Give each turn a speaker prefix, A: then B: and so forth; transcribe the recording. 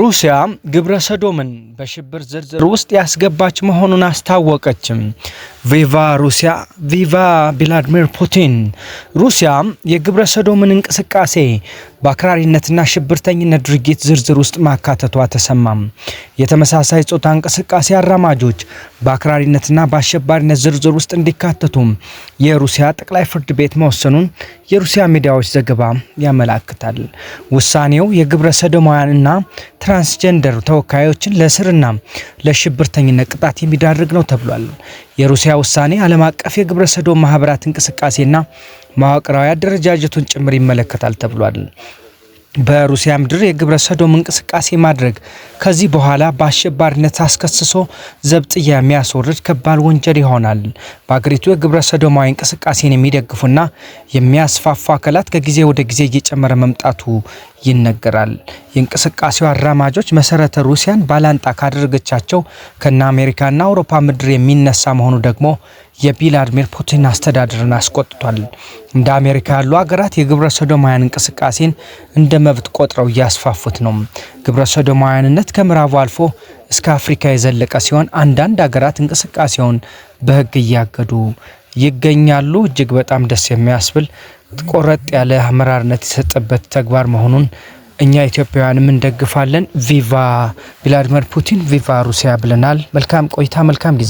A: ሩሲያ ግብረ ሰዶምን በሽብር ዝርዝር ውስጥ ያስገባች መሆኑን አስታወቀችም። ቪቫ ሩሲያ፣ ቪቫ ቪላድሚር ፑቲን። ሩሲያ የግብረ ሰዶምን እንቅስቃሴ በአክራሪነትና ሽብርተኝነት ድርጊት ዝርዝር ውስጥ ማካተቷ ተሰማም። የተመሳሳይ ጾታ እንቅስቃሴ አራማጆች በአክራሪነትና በአሸባሪነት ዝርዝር ውስጥ እንዲካተቱ የሩሲያ ጠቅላይ ፍርድ ቤት መወሰኑን የሩሲያ ሚዲያዎች ዘገባ ያመላክታል። ውሳኔው የግብረ ሰዶማውያንና ትራንስጀንደር ተወካዮችን ለእስርና ለሽብርተኝነት ቅጣት የሚዳርግ ነው ተብሏል። የሩሲያ ውሳኔ ዓለም አቀፍ የግብረ ሰዶም ማህበራት እንቅስቃሴና መዋቅራዊ አደረጃጀቱን ጭምር ይመለከታል ተብሏል። በሩሲያ ምድር የግብረ ሰዶም እንቅስቃሴ ማድረግ ከዚህ በኋላ በአሸባሪነት አስከስሶ ዘብጥያ የሚያስወርድ ከባድ ወንጀል ይሆናል። በአገሪቱ የግብረ ሰዶማዊ እንቅስቃሴን የሚደግፉና የሚያስፋፉ አካላት ከጊዜ ወደ ጊዜ እየጨመረ መምጣቱ ይነገራል። የእንቅስቃሴው አራማጆች መሰረተ ሩሲያን ባላንጣ ካደረገቻቸው ከነ አሜሪካና አውሮፓ ምድር የሚነሳ መሆኑ ደግሞ የቪላድሚር ፑቲን አስተዳደርን አስቆጥቷል። እንደ አሜሪካ ያሉ ሀገራት የግብረ ሶዶማውያን እንቅስቃሴን እንደ መብት ቆጥረው እያስፋፉት ነው። ግብረ ሶዶማውያንነት ከምዕራቡ አልፎ እስከ አፍሪካ የዘለቀ ሲሆን አንዳንድ ሀገራት እንቅስቃሴውን በህግ እያገዱ ይገኛሉ። እጅግ በጣም ደስ የሚያስብል ቆረጥ ያለ አመራርነት የሰጠበት ተግባር መሆኑን እኛ ኢትዮጵያውያንም እንደግፋለን። ቪቫ ቪላድሚር ፑቲን፣ ቪቫ ሩሲያ ብለናል። መልካም ቆይታ፣ መልካም ጊዜ